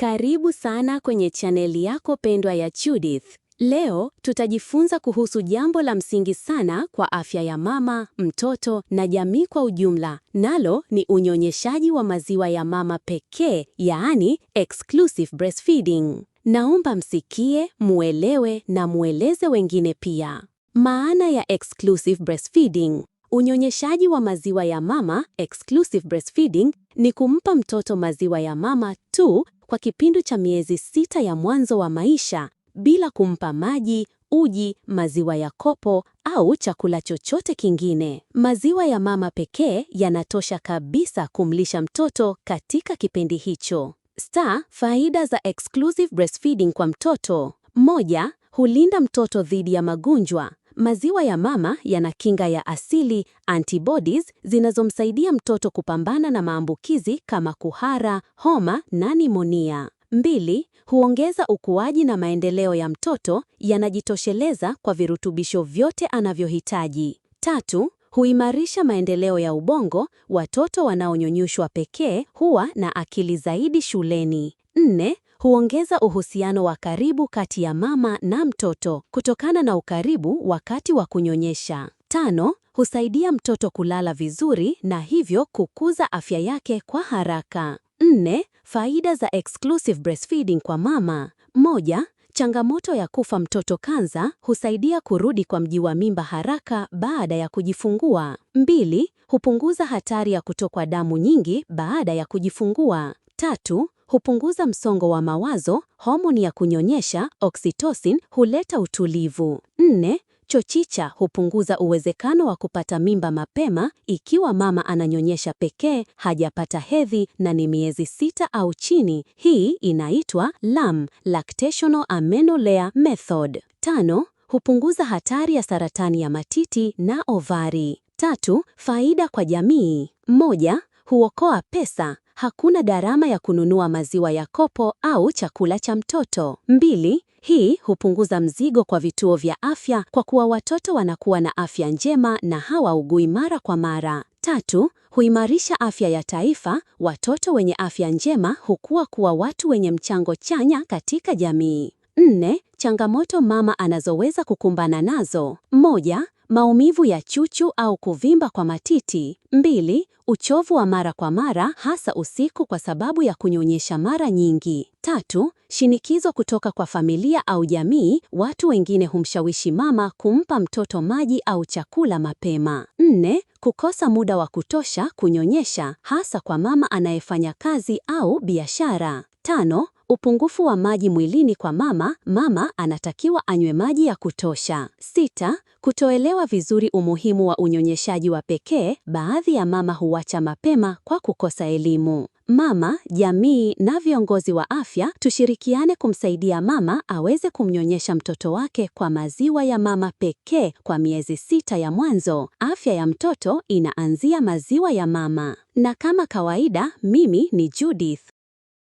Karibu sana kwenye chaneli yako pendwa ya Judith. Leo tutajifunza kuhusu jambo la msingi sana kwa afya ya mama, mtoto na jamii kwa ujumla, nalo ni unyonyeshaji wa maziwa ya mama pekee, yaani exclusive breastfeeding. Naomba msikie, muelewe na mueleze wengine pia. Maana ya exclusive breastfeeding. Unyonyeshaji wa maziwa ya mama exclusive breastfeeding ni kumpa mtoto maziwa ya mama tu kwa kipindi cha miezi sita ya mwanzo wa maisha bila kumpa maji, uji, maziwa ya kopo au chakula chochote kingine. Maziwa ya mama pekee yanatosha kabisa kumlisha mtoto katika kipindi hicho. Star, faida za exclusive breastfeeding kwa mtoto. Moja, hulinda mtoto dhidi ya magonjwa. Maziwa ya mama yana kinga ya asili antibodies zinazomsaidia mtoto kupambana na maambukizi kama kuhara, homa na nimonia. Mbili, huongeza ukuaji na maendeleo ya mtoto, yanajitosheleza kwa virutubisho vyote anavyohitaji. Tatu, huimarisha maendeleo ya ubongo, watoto wanaonyonyushwa pekee huwa na akili zaidi shuleni. Nne, huongeza uhusiano wa karibu kati ya mama na mtoto kutokana na ukaribu wakati wa kunyonyesha. Tano, husaidia mtoto kulala vizuri na hivyo kukuza afya yake kwa haraka. Nne, faida za exclusive breastfeeding kwa mama. Moja, changamoto ya kufa mtoto kanza husaidia kurudi kwa mji wa mimba haraka baada ya kujifungua. Mbili, hupunguza hatari ya kutokwa damu nyingi baada ya kujifungua. Tatu, hupunguza msongo wa mawazo, homoni ya kunyonyesha oxytocin huleta utulivu. Nne, chochicha hupunguza uwezekano wa kupata mimba mapema ikiwa mama ananyonyesha pekee, hajapata hedhi na ni miezi sita au chini. Hii inaitwa LAM, lactational amenorrhea method. Tano, hupunguza hatari ya saratani ya matiti na ovari. Tatu, faida kwa jamii. Moja, huokoa pesa hakuna gharama ya kununua maziwa ya kopo au chakula cha mtoto. Mbili, hii hupunguza mzigo kwa vituo vya afya kwa kuwa watoto wanakuwa na afya njema na hawaugui mara kwa mara. Tatu, huimarisha afya ya taifa. Watoto wenye afya njema hukua kuwa watu wenye mchango chanya katika jamii. Nne, changamoto mama anazoweza kukumbana nazo. Moja, maumivu ya chuchu au kuvimba kwa matiti. Mbili, uchovu wa mara kwa mara hasa usiku kwa sababu ya kunyonyesha mara nyingi. Tatu, shinikizo kutoka kwa familia au jamii. Watu wengine humshawishi mama kumpa mtoto maji au chakula mapema. Nne, kukosa muda wa kutosha kunyonyesha hasa kwa mama anayefanya kazi au biashara. Tano, Upungufu wa maji mwilini kwa mama, mama anatakiwa anywe maji ya kutosha. Sita, kutoelewa vizuri umuhimu wa unyonyeshaji wa pekee, baadhi ya mama huacha mapema kwa kukosa elimu. Mama, jamii na viongozi wa afya tushirikiane kumsaidia mama aweze kumnyonyesha mtoto wake kwa maziwa ya mama pekee kwa miezi sita ya mwanzo. Afya ya mtoto inaanzia maziwa ya mama. Na kama kawaida, mimi ni Judith.